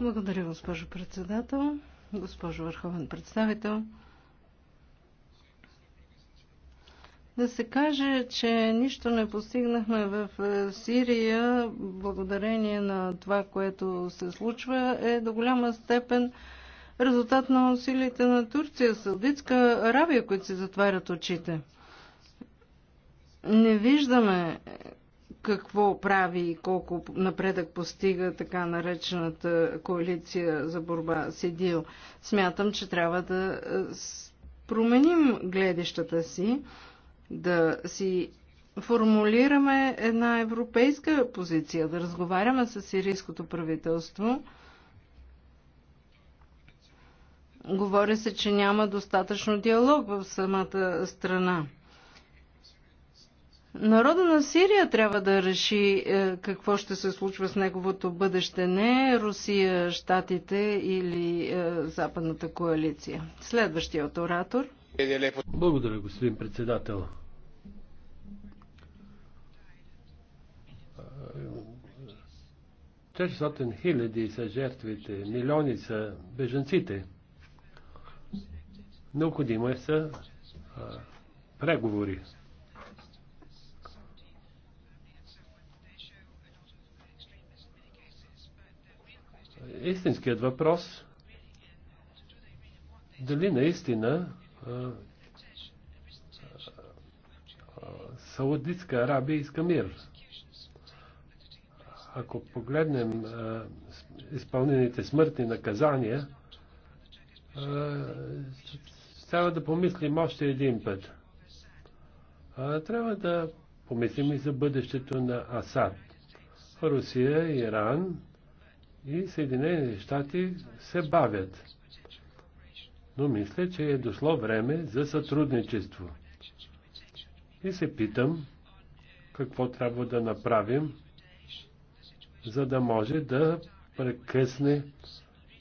Благодаря, госпожо председател, госпожо върховен представител. Да се каже, че нищо не постигнахме в е, Сирия, благодарение на това, което се случва, е до голяма степен резултат на усилите на Турция, Саудитска Арабия, които си затварят очите. Не виждаме какво прави и колко напредък постига така наречената коалиция за борба с ИДИЛ. Смятам, че трябва да е, променим гледищата си, да си формулираме една европейска позиция, да разговаряме с сирийското правителство. Говори се, че няма достатъчно диалог в самата страна. Народа на Сирия трябва да реши е, какво ще се случва с неговото бъдеще, не е Русия, Штатите или е, Западната коалиция. Следващият оратор. Благодаря, господин председател. Чешсотен хиляди са жертвите, милиони са беженците. Необходимо е са преговори. истинският въпрос дали наистина Саудитска Арабия иска мир. Ако погледнем а, изпълнените смъртни наказания, трябва да помислим още един път. А, трябва да помислим и за бъдещето на Асад. Русия, Иран, и Съединените щати се бавят. Но мисля, че е дошло време за сътрудничество. И се питам какво трябва да направим, за да може да прекъсне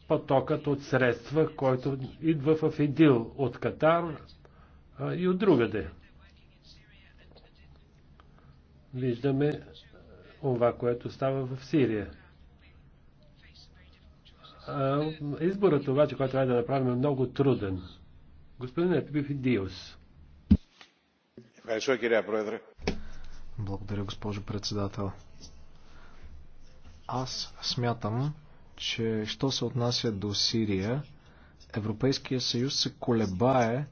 потокът от средства, който идва в Идил от Катар а, и от другаде. Виждаме това, което става в Сирия. Изборът обаче, който трябва да направим, е много труден. Господин Епифидиус. Благодаря, госпожо председател. Аз смятам, че що се отнася до Сирия, Европейския съюз се колебае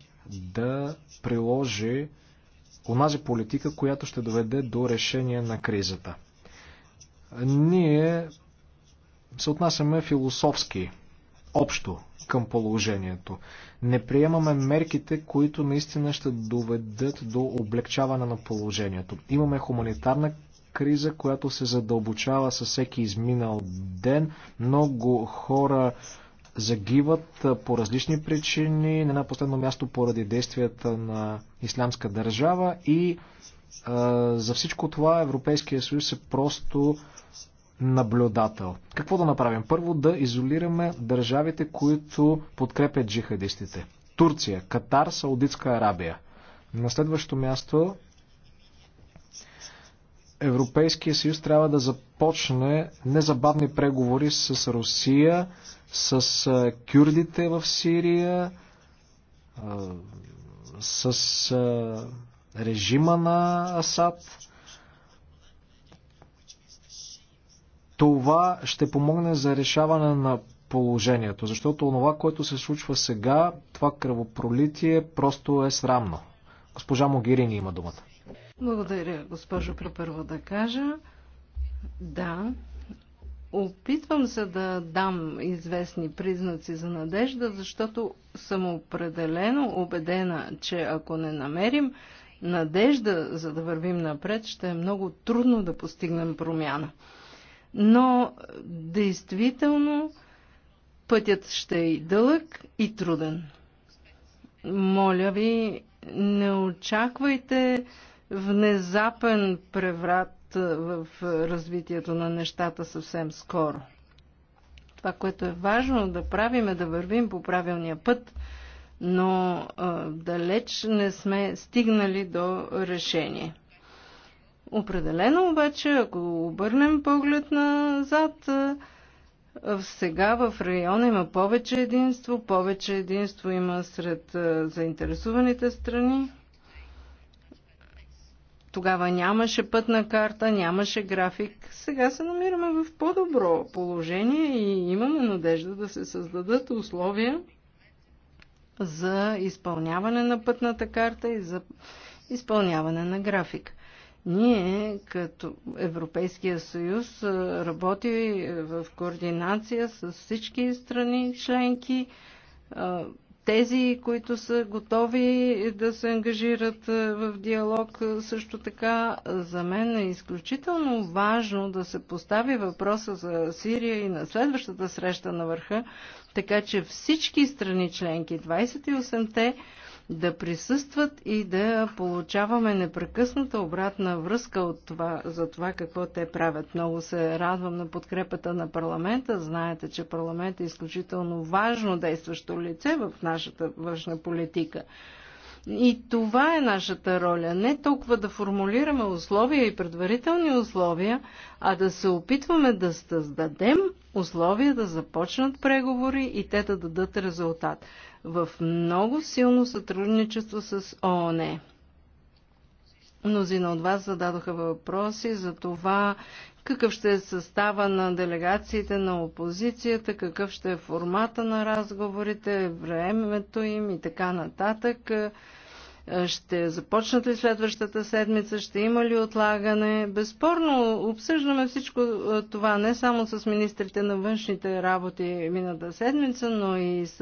да приложи онази политика, която ще доведе до решение на кризата. Ние се отнасяме философски, общо към положението. Не приемаме мерките, които наистина ще доведат до облегчаване на положението. Имаме хуманитарна криза, която се задълбочава със всеки изминал ден. Много хора загиват по различни причини, не на последно място поради действията на Ислямска държава и а, за всичко това Европейския съюз е просто а, наблюдател. Какво да направим? Първо да изолираме държавите, които подкрепят джихадистите. Турция, Катар, Саудитска Арабия. На следващо място Европейския съюз трябва да започне незабавни преговори с Русия, с кюрдите в Сирия, с режима на Асад. Това ще помогне за решаване на положението, защото онова, което се случва сега, това кръвопролитие просто е срамно. Госпожа Могирини има думата. Благодаря, госпожо, препърво да кажа. Да, опитвам се да дам известни признаци за надежда, защото съм определено убедена, че ако не намерим надежда, за да вървим напред, ще е много трудно да постигнем промяна но действително пътят ще е и дълъг и труден. Моля ви, не очаквайте внезапен преврат в развитието на нещата съвсем скоро. Това, което е важно да правим е да вървим по правилния път, но а, далеч не сме стигнали до решение. Определено обаче, ако обърнем поглед назад, сега в района има повече единство, повече единство има сред заинтересуваните страни. Тогава нямаше пътна карта, нямаше график. Сега се намираме в по-добро положение и имаме надежда да се създадат условия за изпълняване на пътната карта и за изпълняване на график. Ние, като Европейския съюз, работи е, в координация с всички страни членки, тези, които са готови да се ангажират в диалог също така. За мен е изключително важно да се постави въпроса за Сирия и на следващата среща на върха, така че всички страни членки, 28-те, да присъстват и да получаваме непрекъсната обратна връзка от това, за това какво те правят. Много се радвам на подкрепата на парламента. Знаете, че парламент е изключително важно действащо лице в нашата външна политика. И това е нашата роля. Не толкова да формулираме условия и предварителни условия, а да се опитваме да създадем условия да започнат преговори и те да дадат резултат в много силно сътрудничество с ООН. Мнозина от вас зададоха въпроси за това какъв ще е състава на делегациите на опозицията, какъв ще е формата на разговорите, времето им и така нататък. Е, ще започнат ли следващата седмица? Ще има ли отлагане? Безспорно обсъждаме всичко е, това не само с министрите на външните работи мината седмица, но и с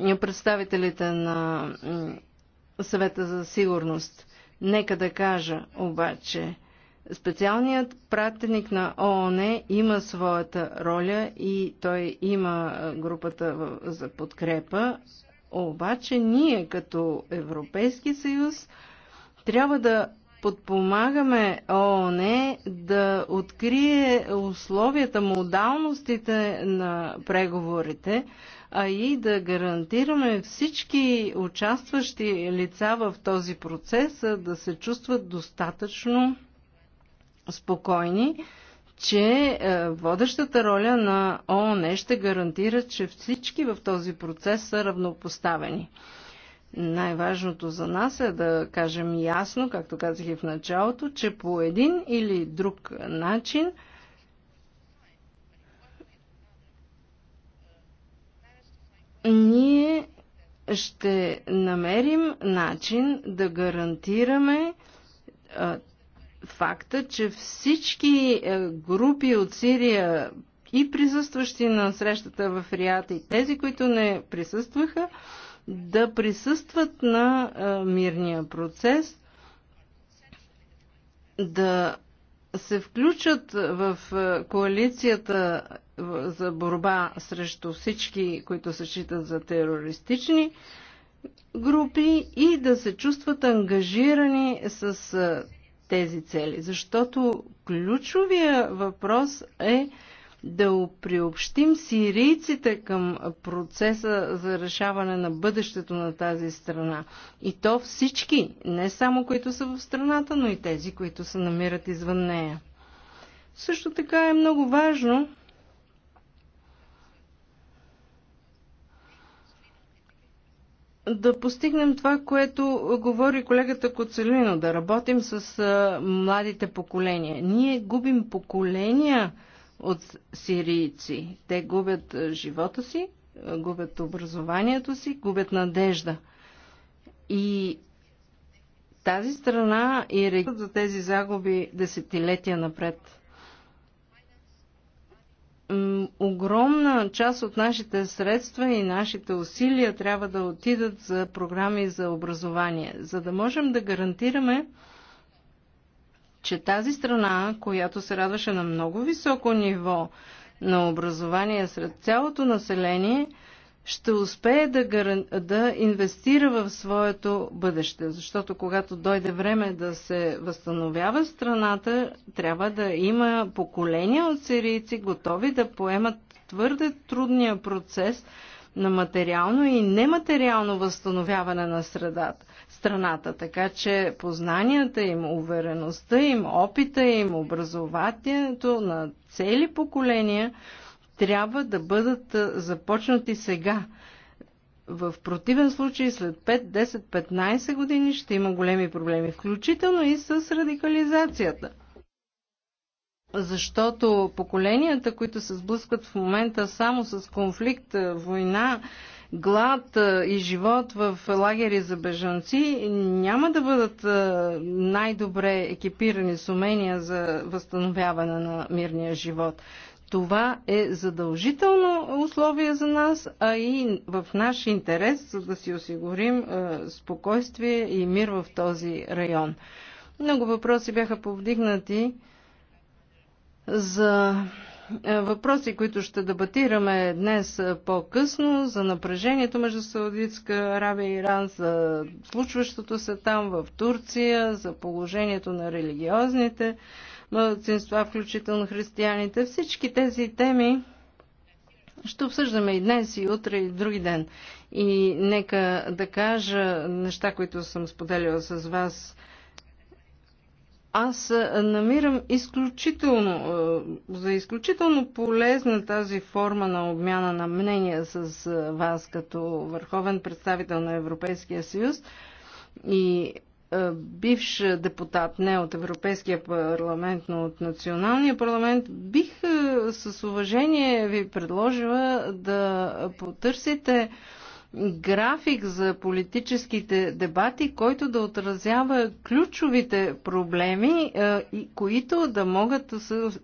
е, представителите на съвета за сигурност. Нека да кажа обаче, специалният пратеник на ООН има своята роля и той има групата за подкрепа обаче ние като Европейски съюз трябва да подпомагаме ООН да открие условията, модалностите на преговорите, а и да гарантираме всички участващи лица в този процес да се чувстват достатъчно спокойни че е, водещата роля на ООН ще гарантира, че всички в този процес са равнопоставени. Най-важното за нас е да кажем ясно, както казах и в началото, че по един или друг начин ние ще намерим начин да гарантираме е, факта, че всички е, групи от Сирия и присъстващи на срещата в Риата и тези, които не присъстваха, да присъстват на е, мирния процес, да се включат в е, коалицията за борба срещу всички, които се считат за терористични групи и да се чувстват ангажирани с тези цели? Защото ключовия въпрос е да приобщим сирийците към процеса за решаване на бъдещето на тази страна. И то всички, не само които са в страната, но и тези, които се намират извън нея. Също така е много важно да постигнем това, което говори колегата Коцелино, да работим с а, младите поколения. Ние губим поколения от сирийци. Те губят живота си, губят образованието си, губят надежда. И тази страна и регион за тези загуби десетилетия напред огромна част от нашите средства и нашите усилия трябва да отидат за програми за образование, за да можем да гарантираме, че тази страна, която се радваше на много високо ниво на образование сред цялото население, ще успее да, гаран... да инвестира в своето бъдеще. Защото когато дойде време да се възстановява страната, трябва да има поколения от сирийци готови да поемат твърде трудния процес на материално и нематериално възстановяване на средата, страната. Така че познанията им, увереността им, опита им, образованието на цели поколения – трябва да бъдат започнати сега. В противен случай след 5, 10, 15 години ще има големи проблеми, включително и с радикализацията. Защото поколенията, които се сблъскват в момента само с конфликт, война, глад и живот в лагери за бежанци, няма да бъдат най-добре екипирани с умения за възстановяване на мирния живот. Това е задължително условие за нас, а и в наш интерес, за да си осигурим спокойствие и мир в този район. Много въпроси бяха повдигнати за въпроси, които ще дебатираме днес по-късно, за напрежението между Саудитска Арабия и Иран, за случващото се там в Турция, за положението на религиозните младсинства, включително християните. Всички тези теми ще обсъждаме и днес, и утре, и други ден. И нека да кажа неща, които съм споделила с вас. Аз намирам изключително, за изключително полезна тази форма на обмяна на мнения с вас като върховен представител на Европейския съюз. И е, бивш депутат не от Европейския парламент, но от Националния парламент, бих е, с уважение ви предложила да потърсите график за политическите дебати, който да отразява ключовите проблеми, е, които да могат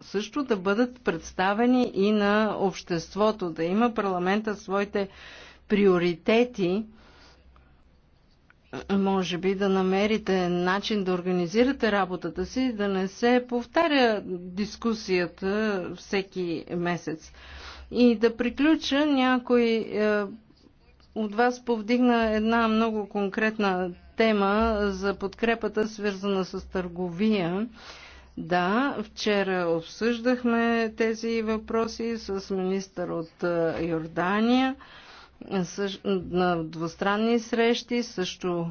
също да бъдат представени и на обществото, да има парламента своите приоритети може би да намерите начин да организирате работата си, да не се повтаря дискусията всеки месец. И да приключа, някой е, от вас повдигна една много конкретна тема за подкрепата, свързана с търговия. Да, вчера обсъждахме тези въпроси с министър от е, Йордания на двустранни срещи, също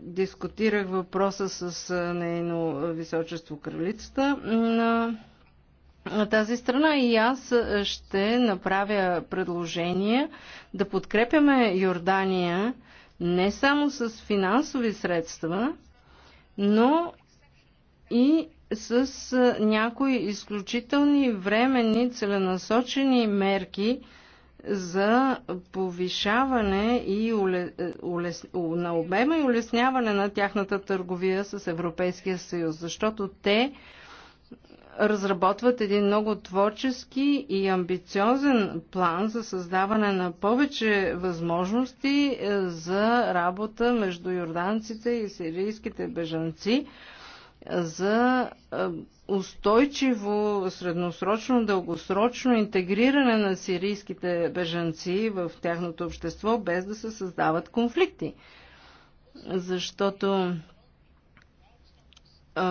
дискутирах въпроса с нейно височество кралицата на тази страна и аз ще направя предложение да подкрепяме Йордания не само с финансови средства, но и с някои изключителни временни целенасочени мерки, за повишаване и улес... на обема и улесняване на тяхната търговия с Европейския съюз, защото те разработват един много творчески и амбициозен план за създаване на повече възможности е, за работа между йорданците и сирийските бежанци за е, устойчиво, средносрочно, дългосрочно интегриране на сирийските бежанци в тяхното общество, без да се създават конфликти. Защото е,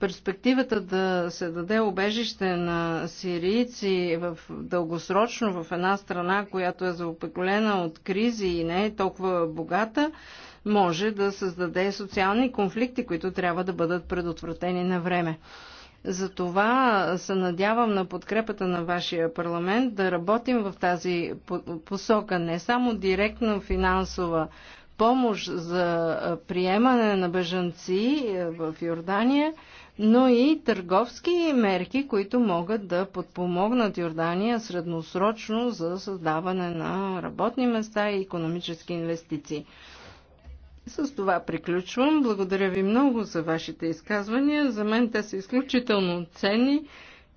перспективата да се даде обежище на сирийци в дългосрочно в една страна, която е заопеколена от кризи и не е толкова богата, може да създаде социални конфликти, които трябва да бъдат предотвратени на време. Затова се надявам на подкрепата на вашия парламент да работим в тази посока, не само директно финансова помощ за приемане на бежанци в Йордания, но и търговски мерки, които могат да подпомогнат Йордания средносрочно за създаване на работни места и економически инвестиции. С това приключвам. Благодаря ви много за вашите изказвания. За мен те са изключително ценни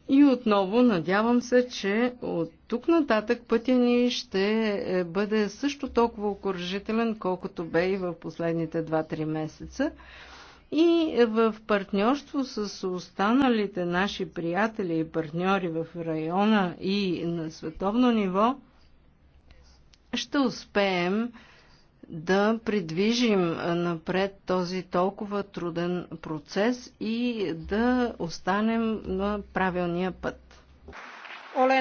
и отново надявам се, че от тук нататък пътя ни ще бъде също толкова окоръжителен, колкото бе и в последните 2-3 месеца. И в партньорство с останалите наши приятели и партньори в района и на световно ниво ще успеем да придвижим напред този толкова труден процес и да останем на правилния път.